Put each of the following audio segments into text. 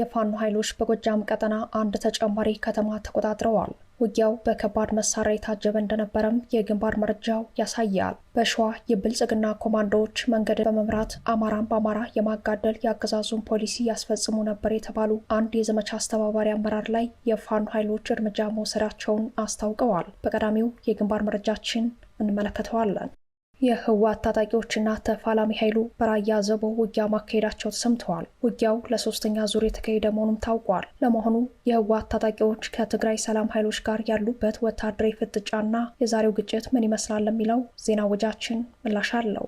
የፋኖ ኃይሎች በጎጃም ቀጠና አንድ ተጨማሪ ከተማ ተቆጣጥረዋል። ውጊያው በከባድ መሳሪያ የታጀበ እንደነበረም የግንባር መረጃው ያሳያል። በሸዋ የብልጽግና ኮማንዶዎች መንገድ በመምራት አማራን በአማራ የማጋደል የአገዛዙን ፖሊሲ ያስፈጽሙ ነበር የተባሉ አንድ የዘመቻ አስተባባሪ አመራር ላይ የፋኖ ኃይሎች እርምጃ መውሰዳቸውን አስታውቀዋል። በቀዳሚው የግንባር መረጃችን እንመለከተዋለን። የህወሓት ታጣቂዎችና ተፋላሚ ኃይሉ በራያ ዘቦ ውጊያ ማካሄዳቸው ተሰምተዋል። ውጊያው ለሶስተኛ ዙር የተካሄደ መሆኑም ታውቋል። ለመሆኑ የህወሓት ታጣቂዎች ከትግራይ ሰላም ኃይሎች ጋር ያሉበት ወታደራዊ ፍጥጫና የዛሬው ግጭት ምን ይመስላል? የሚለው ዜና ወጃችን ምላሽ አለው።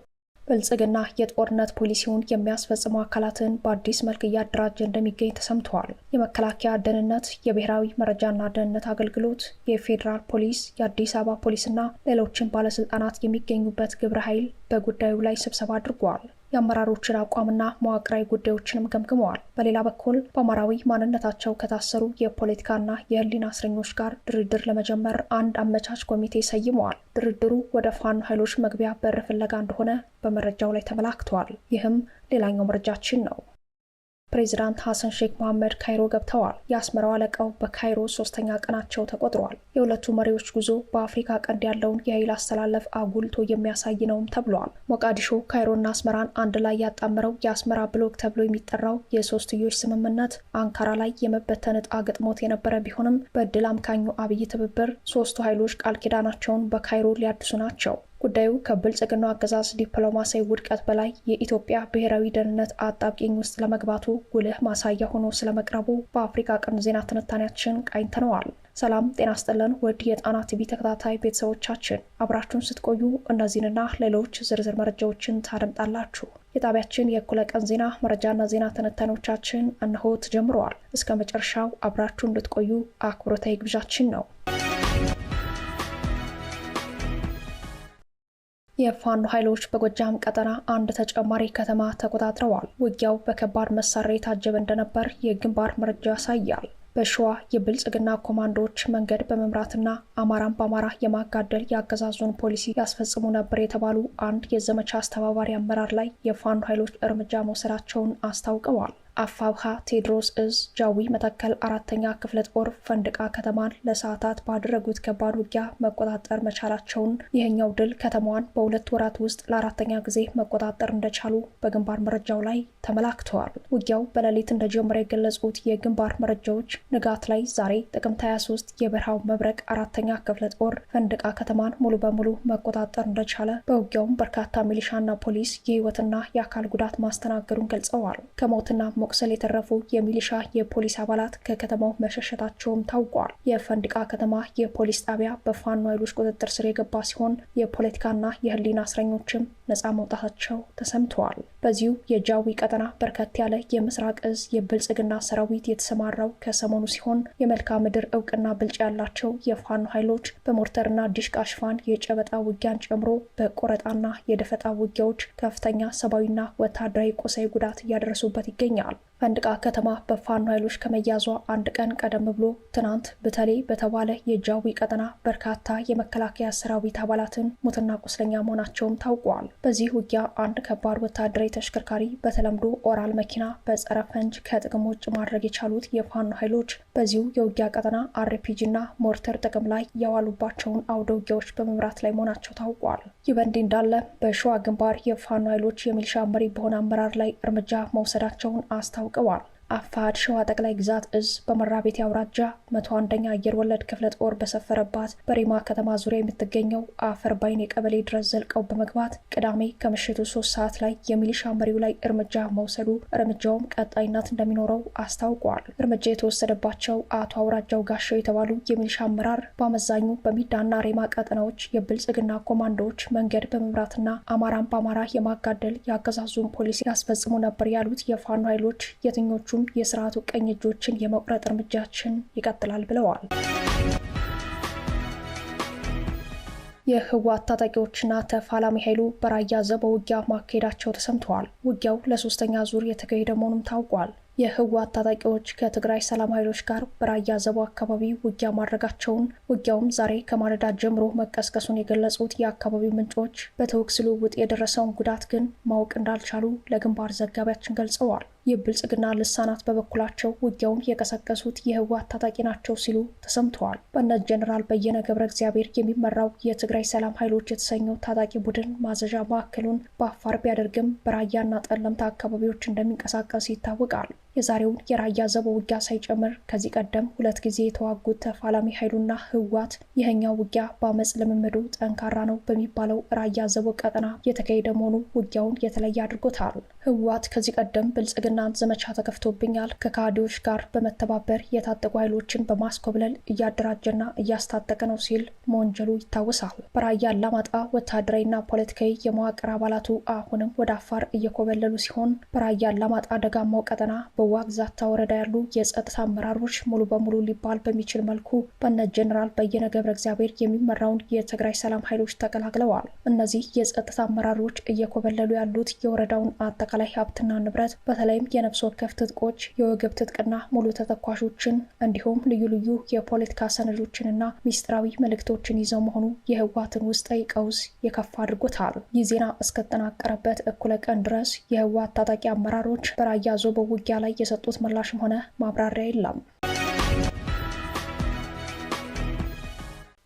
ብልጽግና የጦርነት ፖሊሲውን የሚያስፈጽሙ አካላትን በአዲስ መልክ እያደራጀ እንደሚገኝ ተሰምተዋል። የመከላከያ ደህንነት፣ የብሔራዊ መረጃና ደህንነት አገልግሎት፣ የፌዴራል ፖሊስ፣ የአዲስ አበባ ፖሊስና ሌሎችን ባለስልጣናት የሚገኙበት ግብረ ኃይል በጉዳዩ ላይ ስብሰባ አድርጓል። የአመራሮችን አቋምና መዋቅራዊ ጉዳዮችንም ገምግመዋል። በሌላ በኩል በአማራዊ ማንነታቸው ከታሰሩ የፖለቲካና የህሊና እስረኞች ጋር ድርድር ለመጀመር አንድ አመቻች ኮሚቴ ሰይመዋል። ድርድሩ ወደ ፋኖ ኃይሎች መግቢያ በር ፍለጋ እንደሆነ በመረጃው ላይ ተመላክተዋል። ይህም ሌላኛው መረጃችን ነው። ፕሬዚዳንት ሐሰን ሼክ መሐመድ ካይሮ ገብተዋል። የአስመራው አለቃው በካይሮ ሶስተኛ ቀናቸው ተቆጥሯል። የሁለቱ መሪዎች ጉዞ በአፍሪካ ቀንድ ያለውን የኃይል አስተላለፍ አጉልቶ የሚያሳይ ነውም ተብሏል። ሞቃዲሾ ካይሮና አስመራን አንድ ላይ ያጣመረው የአስመራ ብሎክ ተብሎ የሚጠራው የሶስትዮሽ ስምምነት አንካራ ላይ የመበተን ዕጣ ገጥሞት የነበረ ቢሆንም በድል አምካኙ አብይ ትብብር ሶስቱ ኃይሎች ቃል ኪዳናቸውን በካይሮ ሊያድሱ ናቸው። ጉዳዩ ከብልጽግናው አገዛዝ ዲፕሎማሲያዊ ውድቀት በላይ የኢትዮጵያ ብሔራዊ ደህንነት አጣብቂኝ ውስጥ ለመግባቱ ጉልህ ማሳያ ሆኖ ስለመቅረቡ በአፍሪካ ቀን ዜና ትንታኔያችን ቃኝተነዋል። ሰላም ጤና ስጥልን ውድ የጣና ቲቪ ተከታታይ ቤተሰቦቻችን አብራችሁን ስትቆዩ እነዚህንና ሌሎች ዝርዝር መረጃዎችን ታደምጣላችሁ። የጣቢያችን የእኩለ ቀን ዜና መረጃና ዜና ትንታኔዎቻችን እነሆ ተጀምረዋል። እስከ መጨረሻው አብራችሁ እንድትቆዩ አክብሮታዊ ግብዣችን ነው። የፋኖ ኃይሎች በጎጃም ቀጠና አንድ ተጨማሪ ከተማ ተቆጣጥረዋል። ውጊያው በከባድ መሳሪያ የታጀበ እንደነበር የግንባር መረጃ ያሳያል። በሸዋ የብልጽግና ኮማንዶዎች መንገድ በመምራትና አማራን በአማራ የማጋደል የአገዛዙን ፖሊሲ ያስፈጽሙ ነበር የተባሉ አንድ የዘመቻ አስተባባሪ አመራር ላይ የፋኖ ኃይሎች እርምጃ መውሰዳቸውን አስታውቀዋል። አፋብሃ ቴዎድሮስ እዝ ጃዊ መተከል አራተኛ ክፍለ ጦር ፈንድቃ ከተማን ለሰዓታት ባደረጉት ከባድ ውጊያ መቆጣጠር መቻላቸውን ይህኛው ድል ከተማዋን በሁለት ወራት ውስጥ ለአራተኛ ጊዜ መቆጣጠር እንደቻሉ በግንባር መረጃው ላይ ተመላክተዋል። ውጊያው በሌሊት እንደጀመረ የገለጹት የግንባር መረጃዎች ንጋት ላይ ዛሬ ጥቅምት 23 የበረሃው መብረቅ አራተኛ ክፍለ ጦር ፈንድቃ ከተማን ሙሉ በሙሉ መቆጣጠር እንደቻለ፣ በውጊያውም በርካታ ሚሊሻና ፖሊስ የህይወትና የአካል ጉዳት ማስተናገዱን ገልጸዋል። ከሞትና በመቁሰል የተረፉ የሚሊሻ የፖሊስ አባላት ከከተማው መሸሸታቸውም ታውቋል። የፈንድቃ ከተማ የፖሊስ ጣቢያ በፋኖ ኃይሎች ቁጥጥር ስር የገባ ሲሆን የፖለቲካና የህሊና እስረኞችም ነፃ መውጣታቸው ተሰምተዋል። በዚሁ የጃዊ ቀጠና በርከት ያለ የምስራቅ እዝ የብልጽግና ሰራዊት የተሰማራው ከሰሞኑ ሲሆን የመልክዓ ምድር እውቅና ብልጫ ያላቸው የፋኖ ኃይሎች በሞርተርና ዲሽቃ ሽፋን የጨበጣ ውጊያን ጨምሮ በቆረጣና የደፈጣ ውጊያዎች ከፍተኛ ሰብአዊና ወታደራዊ ቁሳዊ ጉዳት እያደረሱበት ይገኛል። ፈንድቃ ከተማ በፋኖ ኃይሎች ከመያዟ አንድ ቀን ቀደም ብሎ ትናንት በተሌ በተባለ የጃዊ ቀጠና በርካታ የመከላከያ ሰራዊት አባላትን ሙትና ቁስለኛ መሆናቸውም ታውቋል። በዚህ ውጊያ አንድ ከባድ ወታደራዊ ተሽከርካሪ በተለምዶ ኦራል መኪና በጸረ ፈንጅ ከጥቅም ውጭ ማድረግ የቻሉት የፋኖ ኃይሎች በዚሁ የውጊያ ቀጠና አርፒጂ እና ሞርተር ጥቅም ላይ የዋሉባቸውን አውደ ውጊያዎች በመምራት ላይ መሆናቸው ታውቋል። ይህ በእንዲህ እንዳለ በሸዋ ግንባር የፋኖ ኃይሎች የሚሊሻ መሪ በሆነ አመራር ላይ እርምጃ መውሰዳቸውን አስታውቀዋል። አፋድ ሸዋ ጠቅላይ ግዛት እዝ በመራቤቴ አውራጃ መቶ አንደኛ አየር ወለድ ክፍለ ጦር በሰፈረባት በሬማ ከተማ ዙሪያ የምትገኘው አፈር ባይኔ ቀበሌ ድረስ ዘልቀው በመግባት ቅዳሜ ከምሽቱ ሶስት ሰዓት ላይ የሚሊሻ መሪው ላይ እርምጃ መውሰዱ እርምጃውም ቀጣይነት እንደሚኖረው አስታውቋል። እርምጃ የተወሰደባቸው አቶ አውራጃው ጋሻው የተባሉ የሚሊሻ አመራር በአመዛኙ በሚዳና ሬማ ቀጠናዎች የብልጽግና ኮማንዶዎች መንገድ በመምራትና አማራን በአማራ የማጋደል የአገዛዙን ፖሊሲ ያስፈጽሙ ነበር ያሉት የፋኖ ኃይሎች የትኞቹ ሁለቱም የስርዓቱ ቀኝ እጆችን የመቁረጥ እርምጃችን ይቀጥላል ብለዋል። የህወሓት ታጣቂዎችና ተፋላሚ ኃይሉ በራያ ዘበ ውጊያ ማካሄዳቸው ተሰምተዋል። ውጊያው ለሶስተኛ ዙር የተካሄደ መሆኑም ታውቋል። የህወሓት ታጣቂዎች ከትግራይ ሰላም ኃይሎች ጋር በራያ ዘቦ አካባቢ ውጊያ ማድረጋቸውን ውጊያውም ዛሬ ከማለዳ ጀምሮ መቀስቀሱን የገለጹት የአካባቢው ምንጮች በተኩስ ልውውጥ የደረሰውን ጉዳት ግን ማወቅ እንዳልቻሉ ለግንባር ዘጋቢያችን ገልጸዋል። የብልጽግና ልሳናት በበኩላቸው ውጊያውን የቀሰቀሱት የህወሓት ታጣቂ ናቸው ሲሉ ተሰምተዋል። በእነ ጀኔራል በየነ ገብረ እግዚአብሔር የሚመራው የትግራይ ሰላም ኃይሎች የተሰኘው ታጣቂ ቡድን ማዘዣ ማዕከሉን በአፋር ቢያደርግም በራያና ጠለምታ አካባቢዎች እንደሚንቀሳቀስ ይታወቃል። የዛሬውን የራያ ዘቦ ውጊያ ሳይጨምር ከዚህ ቀደም ሁለት ጊዜ የተዋጉት ተፋላሚ ኃይሉና ህወሓት ይህኛው ውጊያ በአመፅ ልምምዱ ጠንካራ ነው በሚባለው ራያ ዘቦ ቀጠና የተካሄደ መሆኑ ውጊያውን የተለየ አድርጎታል። ህወሓት ከዚህ ቀደም ብልጽግናን ዘመቻ ተከፍቶብኛል፣ ከካዲዎች ጋር በመተባበር የታጠቁ ኃይሎችን በማስኮብለል እያደራጀና እያስታጠቀ ነው ሲል መወንጀሉ ይታወሳል። በራያ አላማጣ ወታደራዊና ፖለቲካዊ የመዋቅር አባላቱ አሁንም ወደ አፋር እየኮበለሉ ሲሆን በራያ አላማጣ ደጋማው ቀጠና በ በዋግ ግዛታ ወረዳ ያሉ የጸጥታ አመራሮች ሙሉ በሙሉ ሊባል በሚችል መልኩ በነ ጀኔራል በየነ ገብረ እግዚአብሔር የሚመራውን የትግራይ ሰላም ኃይሎች ተቀላቅለዋል። እነዚህ የጸጥታ አመራሮች እየኮበለሉ ያሉት የወረዳውን አጠቃላይ ሀብትና ንብረት በተለይም የነፍስ ወከፍ ትጥቆች፣ የወገብ ትጥቅና ሙሉ ተተኳሾችን እንዲሁም ልዩ ልዩ የፖለቲካ ሰነዶችንና ሚስጥራዊ መልእክቶችን ይዘው መሆኑ የህወሓትን ውስጣዊ ቀውስ የከፋ አድርጎታል። ይህ ዜና እስከተጠናቀረበት እኩለ ቀን ድረስ የህወሓት ታጣቂ አመራሮች በራያ ዞቦ ውጊያ ላይ የሰጡት ምላሽም ሆነ ማብራሪያ የለም።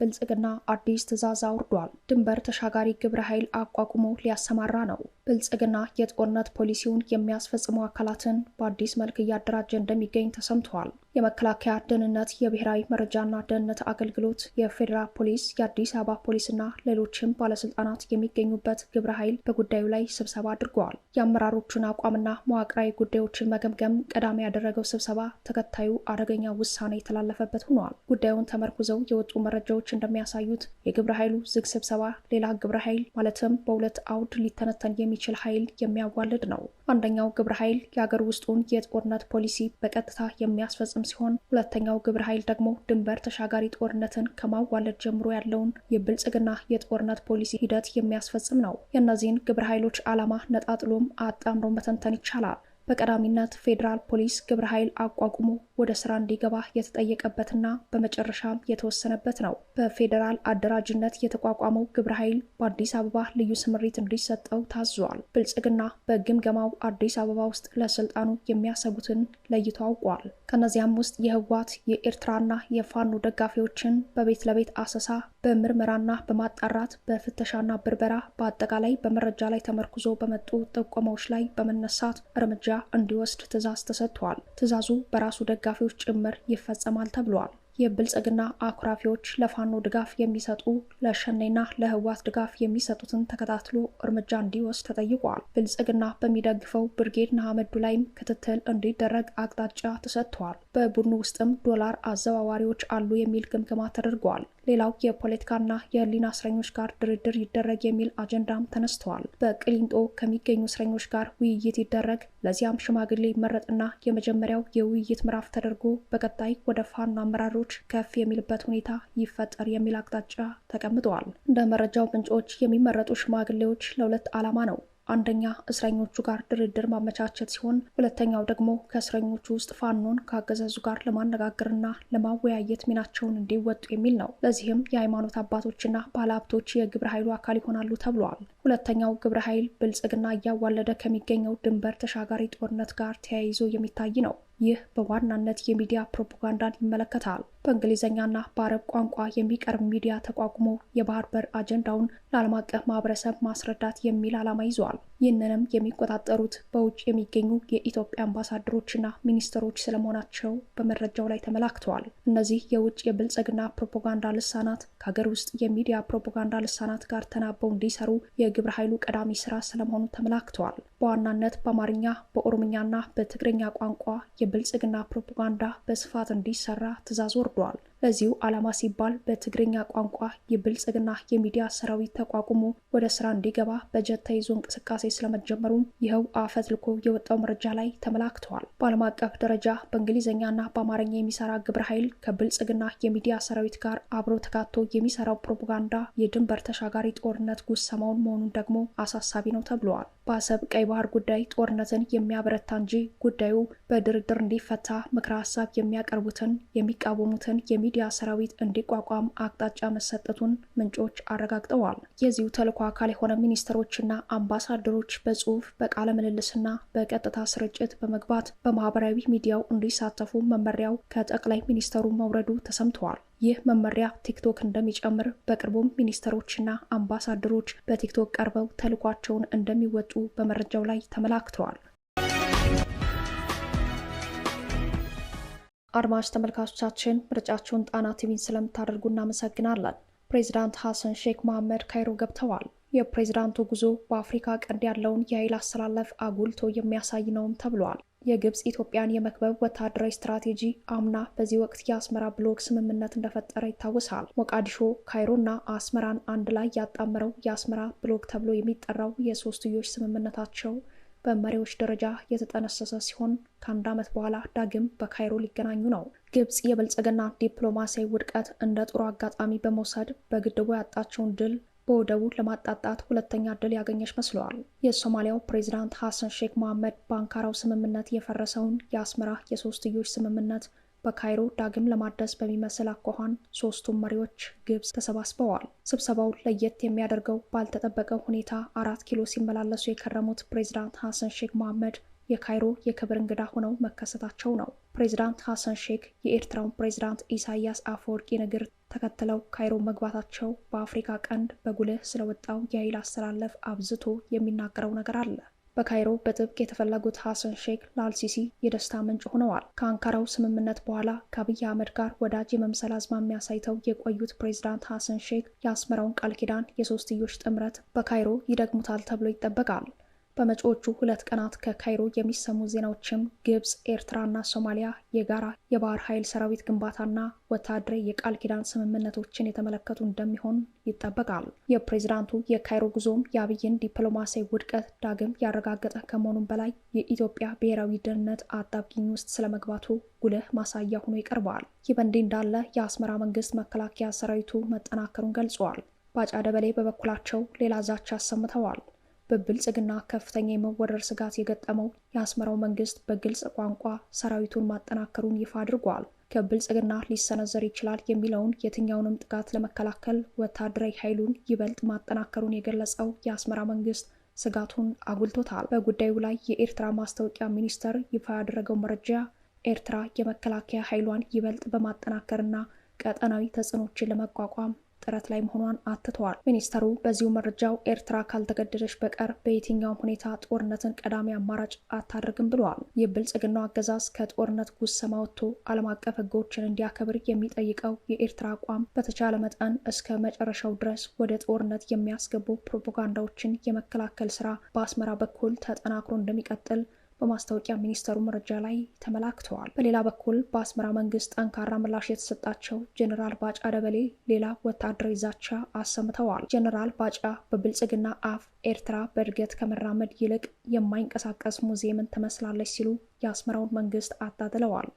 ብልጽግና አዲስ ትዕዛዝ አውርዷል። ድንበር ተሻጋሪ ግብረ ኃይል አቋቁሞ ሊያሰማራ ነው። ብልጽግና የጦርነት ፖሊሲውን የሚያስፈጽሙ አካላትን በአዲስ መልክ እያደራጀ እንደሚገኝ ተሰምተዋል። የመከላከያ ደህንነት፣ የብሔራዊ መረጃና ደህንነት አገልግሎት፣ የፌዴራል ፖሊስ፣ የአዲስ አበባ ፖሊስና ሌሎችም ባለስልጣናት የሚገኙበት ግብረ ኃይል በጉዳዩ ላይ ስብሰባ አድርገዋል። የአመራሮቹን አቋምና መዋቅራዊ ጉዳዮችን መገምገም ቀዳሚ ያደረገው ስብሰባ ተከታዩ አደገኛ ውሳኔ የተላለፈበት ሆኗል። ጉዳዩን ተመርኩዘው የወጡ መረጃዎች እንደሚያሳዩት የግብረ ኃይሉ ዝግ ስብሰባ ሌላ ግብረ ኃይል ማለትም በሁለት አውድ ሊተነተን የሚ የሚችል ኃይል የሚያዋልድ ነው። አንደኛው ግብረ ኃይል የአገር ውስጡን የጦርነት ፖሊሲ በቀጥታ የሚያስፈጽም ሲሆን፣ ሁለተኛው ግብረ ኃይል ደግሞ ድንበር ተሻጋሪ ጦርነትን ከማዋለድ ጀምሮ ያለውን የብልጽግና የጦርነት ፖሊሲ ሂደት የሚያስፈጽም ነው። የእነዚህን ግብረ ኃይሎች ዓላማ ነጣጥሎም አጣምሮ መተንተን ይቻላል። በቀዳሚነት ፌዴራል ፖሊስ ግብረ ኃይል አቋቁሞ ወደ ስራ እንዲገባ የተጠየቀበትና በመጨረሻም የተወሰነበት ነው። በፌዴራል አደራጅነት የተቋቋመው ግብረ ኃይል በአዲስ አበባ ልዩ ስምሪት እንዲሰጠው ታዟል። ብልጽግና በግምገማው አዲስ አበባ ውስጥ ለስልጣኑ የሚያሰጉትን ለይቶ አውቋል። ከእነዚያም ውስጥ የህወሓት የኤርትራና የፋኖ ደጋፊዎችን በቤት ለቤት አሰሳ በምርመራና በማጣራት በፍተሻና ብርበራ በአጠቃላይ በመረጃ ላይ ተመርኩዞ በመጡ ጥቆማዎች ላይ በመነሳት እርምጃ እንዲወስድ ትዕዛዝ ተሰጥቷል። ትዕዛዙ በራሱ ደጋፊዎች ጭምር ይፈጸማል ተብሏል። የብልጽግና አኩራፊዎች ለፋኖ ድጋፍ የሚሰጡ ለሸኔና ለህዋት ድጋፍ የሚሰጡትን ተከታትሎ እርምጃ እንዲወስድ ተጠይቋል። ብልጽግና በሚደግፈው ብርጌድ ንሓመዱ ላይም ክትትል እንዲደረግ አቅጣጫ ተሰጥቷል። በቡድኑ ውስጥም ዶላር አዘዋዋሪዎች አሉ የሚል ግምገማ ተደርጓል። ሌላው የፖለቲካና የህሊና እስረኞች ጋር ድርድር ይደረግ የሚል አጀንዳም ተነስተዋል። በቅሊንጦ ከሚገኙ እስረኞች ጋር ውይይት ይደረግ፣ ለዚያም ሽማግሌ ይመረጥና የመጀመሪያው የውይይት ምዕራፍ ተደርጎ በቀጣይ ወደ ፋኖ አመራሮች ከፍ የሚልበት ሁኔታ ይፈጠር የሚል አቅጣጫ ተቀምጠዋል። እንደ መረጃው ምንጮች የሚመረጡ ሽማግሌዎች ለሁለት ዓላማ ነው። አንደኛ እስረኞቹ ጋር ድርድር ማመቻቸት ሲሆን ሁለተኛው ደግሞ ከእስረኞቹ ውስጥ ፋኖን ከአገዛዙ ጋር ለማነጋገርና ለማወያየት ሚናቸውን እንዲወጡ የሚል ነው። ለዚህም የሃይማኖት አባቶችና ባለሀብቶች የግብረ ኃይሉ አካል ይሆናሉ ተብሏል። ሁለተኛው ግብረ ኃይል ብልጽግና እያዋለደ ከሚገኘው ድንበር ተሻጋሪ ጦርነት ጋር ተያይዞ የሚታይ ነው። ይህ በዋናነት የሚዲያ ፕሮፓጋንዳን ይመለከታል። በእንግሊዝኛና በአረብ ቋንቋ የሚቀርብ ሚዲያ ተቋቁሞ የባህር በር አጀንዳውን ለዓለም አቀፍ ማህበረሰብ ማስረዳት የሚል ዓላማ ይዘዋል። ይህንንም የሚቆጣጠሩት በውጭ የሚገኙ የኢትዮጵያ አምባሳደሮችና ሚኒስትሮች ስለመሆናቸው በመረጃው ላይ ተመላክተዋል። እነዚህ የውጭ የብልጽግና ፕሮፓጋንዳ ልሳናት ከሀገር ውስጥ የሚዲያ ፕሮፓጋንዳ ልሳናት ጋር ተናበው እንዲሰሩ የግብረ ኃይሉ ቀዳሚ ስራ ስለመሆኑ ተመላክተዋል። በዋናነት በአማርኛ በኦሮምኛና በትግርኛ ቋንቋ የብልጽግና ፕሮፓጋንዳ በስፋት እንዲሰራ ትእዛዝ ወርዷል። actual. ለዚሁ ዓላማ ሲባል በትግርኛ ቋንቋ የብልጽግና የሚዲያ ሰራዊት ተቋቁሞ ወደ ስራ እንዲገባ በጀት ተይዞ እንቅስቃሴ ስለመጀመሩ ይኸው አፈት ልኮ የወጣው መረጃ ላይ ተመላክተዋል። በዓለም አቀፍ ደረጃ በእንግሊዝኛና በአማርኛ የሚሰራ ግብረ ኃይል ከብልጽግና የሚዲያ ሰራዊት ጋር አብሮ ተካቶ የሚሰራው ፕሮፓጋንዳ የድንበር ተሻጋሪ ጦርነት ጉሰማውን መሆኑን ደግሞ አሳሳቢ ነው ተብለዋል። በአሰብ ቀይ ባህር ጉዳይ ጦርነትን የሚያበረታ እንጂ ጉዳዩ በድርድር እንዲፈታ ምክረ ሀሳብ የሚያቀርቡትን የሚቃወሙትን የሚ ሚዲያ ሰራዊት እንዲቋቋም አቅጣጫ መሰጠቱን ምንጮች አረጋግጠዋል። የዚሁ ተልዕኮ አካል የሆነ ሚኒስትሮችና አምባሳደሮች በጽሁፍ በቃለ ምልልስና በቀጥታ ስርጭት በመግባት በማህበራዊ ሚዲያው እንዲሳተፉ መመሪያው ከጠቅላይ ሚኒስትሩ መውረዱ ተሰምተዋል። ይህ መመሪያ ቲክቶክ እንደሚጨምር በቅርቡም ሚኒስትሮችና አምባሳደሮች በቲክቶክ ቀርበው ተልኳቸውን እንደሚወጡ በመረጃው ላይ ተመላክተዋል። አድማጭ ተመልካቾቻችን ምርጫችሁን ጣና ቲቪን ስለምታደርጉ እናመሰግናለን። ፕሬዚዳንት ሐሰን ሼክ መሐመድ ካይሮ ገብተዋል። የፕሬዚዳንቱ ጉዞ በአፍሪካ ቀንድ ያለውን የኃይል አሰላለፍ አጉልቶ የሚያሳይ ነውም ተብሏል። የግብፅ ኢትዮጵያን የመክበብ ወታደራዊ ስትራቴጂ አምና በዚህ ወቅት የአስመራ ብሎክ ስምምነት እንደፈጠረ ይታወሳል። ሞቃዲሾ፣ ካይሮና አስመራን አንድ ላይ ያጣመረው የአስመራ ብሎክ ተብሎ የሚጠራው የሶስትዮሽ ስምምነታቸው በመሪዎች ደረጃ የተጠነሰሰ ሲሆን ከአንድ ዓመት በኋላ ዳግም በካይሮ ሊገናኙ ነው። ግብፅ የብልጽግና ዲፕሎማሲያዊ ውድቀት እንደ ጥሩ አጋጣሚ በመውሰድ በግድቡ ያጣቸውን ድል በወደቡ ለማጣጣት ሁለተኛ ድል ያገኘች መስለዋል። የሶማሊያው ፕሬዚዳንት ሐሰን ሼክ መሐመድ በአንካራው ስምምነት የፈረሰውን የአስመራ የሶስትዮሽ ስምምነት በካይሮ ዳግም ለማድረስ በሚመስል አኳኋን ሶስቱም መሪዎች ግብጽ ተሰባስበዋል። ስብሰባውን ለየት የሚያደርገው ባልተጠበቀ ሁኔታ አራት ኪሎ ሲመላለሱ የከረሙት ፕሬዚዳንት ሐሰን ሼክ መሐመድ የካይሮ የክብር እንግዳ ሆነው መከሰታቸው ነው። ፕሬዚዳንት ሐሰን ሼክ የኤርትራውን ፕሬዚዳንት ኢሳያስ አፈወርቂን እግር ተከትለው ካይሮ መግባታቸው በአፍሪካ ቀንድ በጉልህ ስለወጣው የኃይል አስተላለፍ አብዝቶ የሚናገረው ነገር አለ። በካይሮ በጥብቅ የተፈለጉት ሐሰን ሼክ ለአልሲሲ የደስታ ምንጭ ሆነዋል። ከአንካራው ስምምነት በኋላ ከአብይ አህመድ ጋር ወዳጅ የመምሰል አዝማሚያ አሳይተው የቆዩት ፕሬዚዳንት ሐሰን ሼክ የአስመራውን ቃል ኪዳን የሶስትዮሽ ጥምረት በካይሮ ይደግሙታል ተብሎ ይጠበቃል። በመጪዎቹ ሁለት ቀናት ከካይሮ የሚሰሙ ዜናዎችም ግብፅ፣ ኤርትራና ሶማሊያ የጋራ የባህር ኃይል ሰራዊት ግንባታና ወታደራዊ የቃል ኪዳን ስምምነቶችን የተመለከቱ እንደሚሆን ይጠበቃል። የፕሬዚዳንቱ የካይሮ ጉዞም የአብይን ዲፕሎማሲያዊ ውድቀት ዳግም ያረጋገጠ ከመሆኑም በላይ የኢትዮጵያ ብሔራዊ ደህንነት አጣብቂኝ ውስጥ ስለመግባቱ ጉልህ ማሳያ ሆኖ ይቀርበዋል። ይህ በእንዲህ እንዳለ የአስመራ መንግስት መከላከያ ሰራዊቱ መጠናከሩን ገልጸዋል። ባጫ ደበሌ በበኩላቸው ሌላ ዛቻ አሰምተዋል። በብልጽግና ከፍተኛ የመወረር ስጋት የገጠመው የአስመራው መንግስት በግልጽ ቋንቋ ሰራዊቱን ማጠናከሩን ይፋ አድርጓል። ከብልጽግና ሊሰነዘር ይችላል የሚለውን የትኛውንም ጥቃት ለመከላከል ወታደራዊ ኃይሉን ይበልጥ ማጠናከሩን የገለጸው የአስመራ መንግስት ስጋቱን አጉልቶታል። በጉዳዩ ላይ የኤርትራ ማስታወቂያ ሚኒስቴር ይፋ ያደረገው መረጃ ኤርትራ የመከላከያ ኃይሏን ይበልጥ በማጠናከርና ቀጠናዊ ተጽዕኖችን ለመቋቋም ጥረት ላይ መሆኗን አትተዋል። ሚኒስተሩ በዚሁ መረጃው ኤርትራ ካልተገደደች በቀር በየትኛውም ሁኔታ ጦርነትን ቀዳሚ አማራጭ አታደርግም ብለዋል። የብልጽግናው አገዛዝ ከጦርነት ጉሰማ ወጥቶ ዓለም አቀፍ ሕጎችን እንዲያከብር የሚጠይቀው የኤርትራ አቋም በተቻለ መጠን እስከ መጨረሻው ድረስ ወደ ጦርነት የሚያስገቡ ፕሮፓጋንዳዎችን የመከላከል ስራ በአስመራ በኩል ተጠናክሮ እንደሚቀጥል በማስታወቂያ ሚኒስቴሩ መረጃ ላይ ተመላክተዋል። በሌላ በኩል በአስመራ መንግስት ጠንካራ ምላሽ የተሰጣቸው ጀኔራል ባጫ ደበሌ ሌላ ወታደራዊ ዛቻ አሰምተዋል። ጀኔራል ባጫ በብልጽግና አፍ ኤርትራ በእድገት ከመራመድ ይልቅ የማይንቀሳቀስ ሙዚየምን ትመስላለች ሲሉ የአስመራውን መንግስት አጣጥለዋል።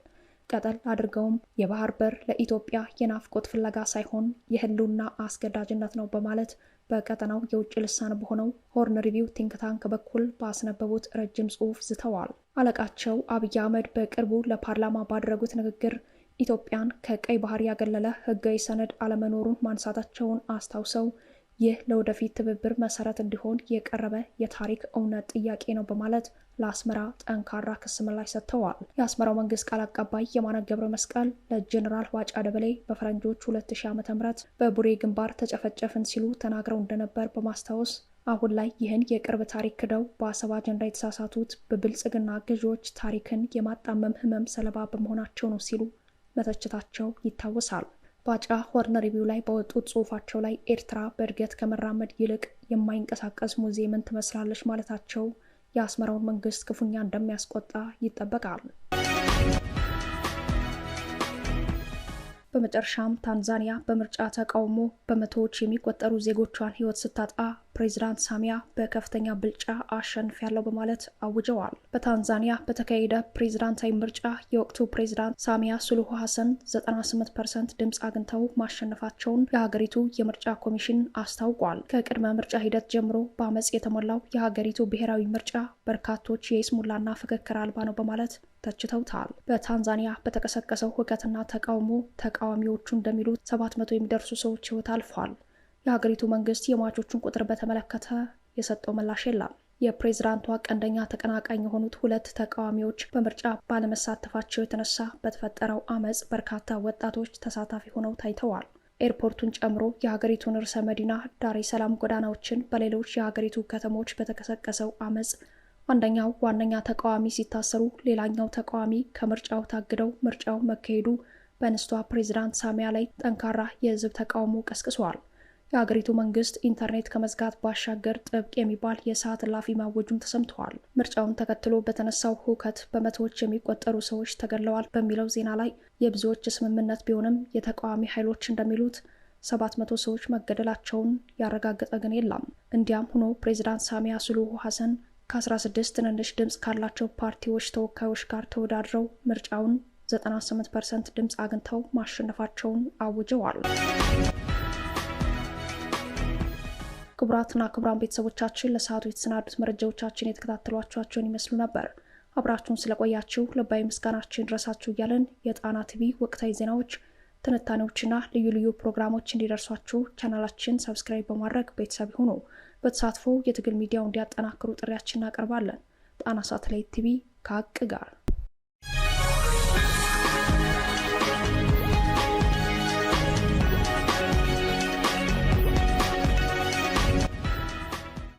ቀጠል አድርገውም የባህር በር ለኢትዮጵያ የናፍቆት ፍለጋ ሳይሆን የህልውና አስገዳጅነት ነው በማለት በቀጠናው የውጭ ልሳን በሆነው ሆርን ሪቪው ቲንክ ታንክ በኩል ባስነበቡት ረጅም ጽሑፍ ዝተዋል። አለቃቸው አብይ አህመድ በቅርቡ ለፓርላማ ባደረጉት ንግግር ኢትዮጵያን ከቀይ ባህር ያገለለ ሕጋዊ ሰነድ አለመኖሩን ማንሳታቸውን አስታውሰው ይህ ለወደፊት ትብብር መሰረት እንዲሆን የቀረበ የታሪክ እውነት ጥያቄ ነው በማለት ለአስመራ ጠንካራ ክስ ምላሽ ሰጥተዋል። የአስመራው መንግስት ቃል አቀባይ የማነ ገብረ መስቀል ለጀኔራል ዋጫ ደበሌ በፈረንጆች 2000 ዓ.ም በቡሬ ግንባር ተጨፈጨፍን ሲሉ ተናግረው እንደነበር በማስታወስ አሁን ላይ ይህን የቅርብ ታሪክ ክደው በአሰብ አጀንዳ የተሳሳቱት በብልጽግና ገዢዎች ታሪክን የማጣመም ህመም ሰለባ በመሆናቸው ነው ሲሉ መተችታቸው ይታወሳል። ባጫ ሆርን ሪቪው ላይ በወጡት ጽሁፋቸው ላይ ኤርትራ በእድገት ከመራመድ ይልቅ የማይንቀሳቀስ ሙዚየምን ትመስላለች ማለታቸው የአስመራውን መንግስት ክፉኛ እንደሚያስቆጣ ይጠበቃል። በመጨረሻም ታንዛኒያ በምርጫ ተቃውሞ በመቶዎች የሚቆጠሩ ዜጎቿን ህይወት ስታጣ ፕሬዚዳንት ሳሚያ በከፍተኛ ብልጫ አሸንፍ ያለው በማለት አውጀዋል። በታንዛኒያ በተካሄደ ፕሬዚዳንታዊ ምርጫ የወቅቱ ፕሬዚዳንት ሳሚያ ሱሉሁ ሀሰን 98 ፐርሰንት ድምፅ አግኝተው ማሸነፋቸውን የሀገሪቱ የምርጫ ኮሚሽን አስታውቋል። ከቅድመ ምርጫ ሂደት ጀምሮ በአመፅ የተሞላው የሀገሪቱ ብሔራዊ ምርጫ በርካቶች የይስሙላና ፍክክር አልባ ነው በማለት ተችተውታል። በታንዛኒያ በተቀሰቀሰው ሁከትና ተቃውሞ ተቃዋሚዎቹ እንደሚሉት 700 የሚደርሱ ሰዎች ህይወት አልፏል። የሀገሪቱ መንግስት የሟቾቹን ቁጥር በተመለከተ የሰጠው ምላሽ የለም። የፕሬዝዳንቷ ቀንደኛ ተቀናቃኝ የሆኑት ሁለት ተቃዋሚዎች በምርጫ ባለመሳተፋቸው የተነሳ በተፈጠረው አመፅ በርካታ ወጣቶች ተሳታፊ ሆነው ታይተዋል። ኤርፖርቱን ጨምሮ የሀገሪቱን ርዕሰ መዲና ዳሬ ሰላም ጎዳናዎችን በሌሎች የሀገሪቱ ከተሞች በተቀሰቀሰው አመፅ አንደኛው ዋነኛ ተቃዋሚ ሲታሰሩ፣ ሌላኛው ተቃዋሚ ከምርጫው ታግደው ምርጫው መካሄዱ በንስቷ ፕሬዝዳንት ሳሚያ ላይ ጠንካራ የህዝብ ተቃውሞ ቀስቅሷል። የአገሪቱ መንግስት ኢንተርኔት ከመዝጋት ባሻገር ጥብቅ የሚባል የሰዓት እላፊ ማወጁም ተሰምተዋል። ምርጫውን ተከትሎ በተነሳው ሁከት በመቶዎች የሚቆጠሩ ሰዎች ተገድለዋል በሚለው ዜና ላይ የብዙዎች ስምምነት ቢሆንም የተቃዋሚ ኃይሎች እንደሚሉት ሰባት መቶ ሰዎች መገደላቸውን ያረጋገጠ ግን የለም። እንዲያም ሆኖ ፕሬዚዳንት ሳሚያ ሱሉሁ ሐሰን ከ16 ትንንሽ ድምፅ ካላቸው ፓርቲዎች ተወካዮች ጋር ተወዳድረው ምርጫውን 98 ፐርሰንት ድምፅ አግኝተው ማሸነፋቸውን አውጀዋል። ክቡራትና ክቡራን ቤተሰቦቻችን ለሰዓቱ የተሰናዱት መረጃዎቻችን የተከታተሏቸኋቸውን ይመስሉ ነበር። አብራችሁን ስለቆያችሁ ልባዊ ምስጋናችን ድረሳችሁ እያለን የጣና ቲቪ ወቅታዊ ዜናዎች፣ ትንታኔዎችና ልዩ ልዩ ፕሮግራሞች እንዲደርሷችሁ ቻናላችን ሰብስክራይብ በማድረግ ቤተሰብ ይሁኑ። በተሳትፎ የትግል ሚዲያው እንዲያጠናክሩ ጥሪያችን እናቀርባለን። ጣና ሳተላይት ቲቪ ከሀቅ ጋር